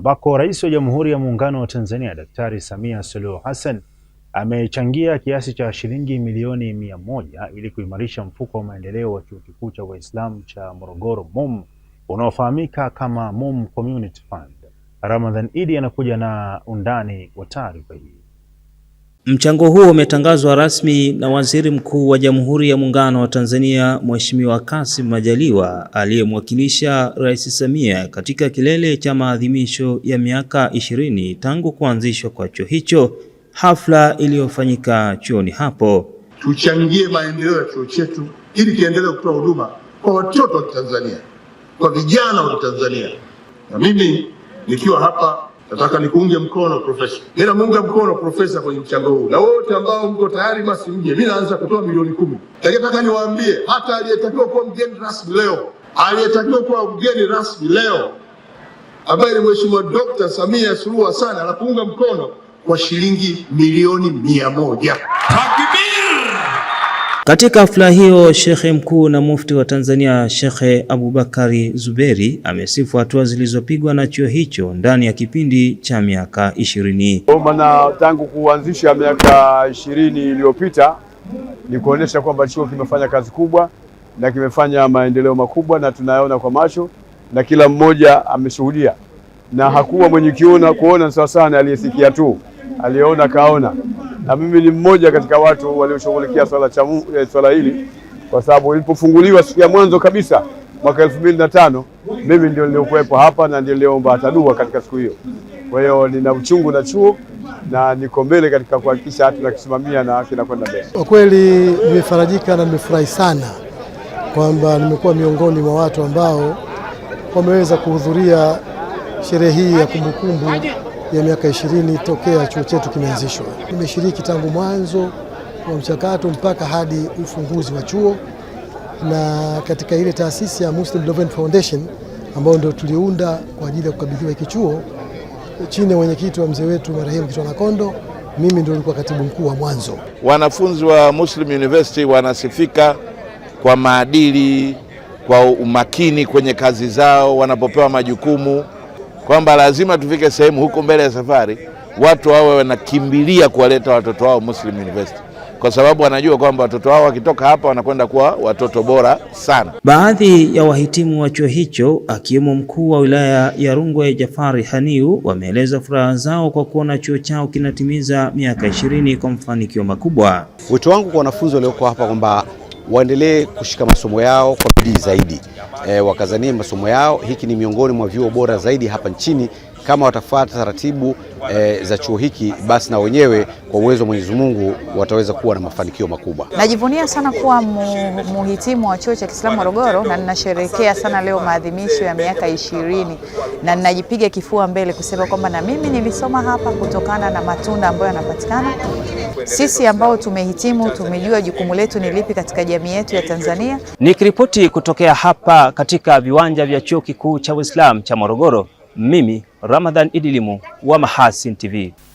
ambako Rais wa Jamhuri ya Muungano wa Tanzania Daktari Samia Suluhu Hassan amechangia kiasi cha shilingi milioni mia moja ili kuimarisha mfuko wa maendeleo wa Chuo Kikuu cha Waislamu cha Morogoro MUM unaofahamika kama MUM Community Fund. Ramadhan Idi anakuja na undani wa taarifa hii. Mchango huo umetangazwa rasmi na Waziri Mkuu wa Jamhuri ya Muungano wa Tanzania, Mheshimiwa Kassim Majaliwa aliyemwakilisha Rais Samia katika kilele cha maadhimisho ya miaka ishirini tangu kuanzishwa kwa chuo hicho, hafla iliyofanyika chuoni hapo. Tuchangie maendeleo ya chuo chetu ili kiendelee kutoa huduma kwa watoto wa Tanzania, kwa vijana wa Tanzania, na mimi nikiwa hapa Nataka nikuunge mkono profesa, mimi namuunga mkono profesa kwenye mchango huu, na wote ambao mko tayari basi mje. Mimi naanza kutoa milioni kumi. Nataka niwaambie hata aliyetakiwa kuwa mgeni rasmi leo, aliyetakiwa kuwa mgeni rasmi leo ambaye ni Mheshimiwa Dr. Samia Suluhu Hassan anakuunga mkono kwa shilingi milioni mia moja. Takbiri! Katika hafla hiyo, Shekhe mkuu na mufti wa Tanzania Shekhe Abubakari Zuberi amesifu hatua zilizopigwa na chuo hicho ndani ya kipindi cha miaka ishirini. Maana tangu kuanzisha miaka ishirini iliyopita ni kuonesha kwamba chuo kimefanya kazi kubwa na kimefanya maendeleo makubwa na tunayaona kwa macho na kila mmoja ameshuhudia, na hakuwa mwenye kiona kuona sawa sana, aliyesikia tu aliyeona kaona na mimi ni mmoja katika watu walioshughulikia eh, swala hili, kwa sababu ilipofunguliwa siku ya mwanzo kabisa mwaka elfu mbili na tano mimi ndio niliokuwepo hapa na ndio niliomba hata dua katika siku hiyo. Kwa hiyo nina uchungu na chuo na niko mbele katika kuhakikisha hati nakisimamia na kinakwenda mbele. Kwa kweli nimefarajika na nimefurahi sana kwamba nimekuwa miongoni mwa watu ambao wameweza kuhudhuria sherehe hii ya kumbukumbu ya miaka ishirini tokea chuo chetu kimeanzishwa. Nimeshiriki tangu mwanzo wa mchakato mpaka hadi ufunguzi wa chuo na katika ile taasisi ya Muslim Foundation ambayo ndio tuliunda kwa ajili ya kukabidhiwa hiki chuo chini ya mwenyekiti wa mzee wetu marehemu Kitwa Kondo. Mimi ndio nilikuwa katibu mkuu wa mwanzo. Wanafunzi wa Muslim University wanasifika kwa maadili, kwa umakini kwenye kazi zao wanapopewa majukumu kwamba lazima tufike sehemu huko mbele ya safari watu hawe wanakimbilia kuwaleta watoto wao Muslim University kwa sababu wanajua kwamba watoto wao wakitoka hapa wanakwenda kuwa watoto bora sana. Baadhi ya wahitimu wa chuo hicho akiwemo mkuu wa wilaya ya Rungwe Jafari Haniu wameeleza furaha zao kwa kuona chuo chao kinatimiza miaka ishirini kwa mafanikio makubwa. Wito wangu kwa wanafunzi walioko hapa kwamba waendelee kushika masomo yao kwa bidii zaidi, e, eh, wakazanie masomo yao. Hiki ni miongoni mwa vyuo bora zaidi hapa nchini kama watafuata taratibu e, za chuo hiki, basi na wenyewe kwa uwezo wa Mwenyezi Mungu wataweza kuwa na mafanikio makubwa. Najivunia sana kuwa mu, muhitimu wa chuo cha Kiislamu Morogoro na ninasherehekea sana leo maadhimisho ya miaka ishirini na ninajipiga kifua mbele kusema kwamba na mimi nilisoma hapa kutokana na matunda ambayo yanapatikana. Sisi ambao tumehitimu tumejua jukumu letu ni lipi katika jamii yetu ya Tanzania. Nikiripoti kutokea hapa katika viwanja vya Chuo Kikuu cha Uislamu cha Morogoro, mimi Ramadhan Idilimu wa Mahasin TV.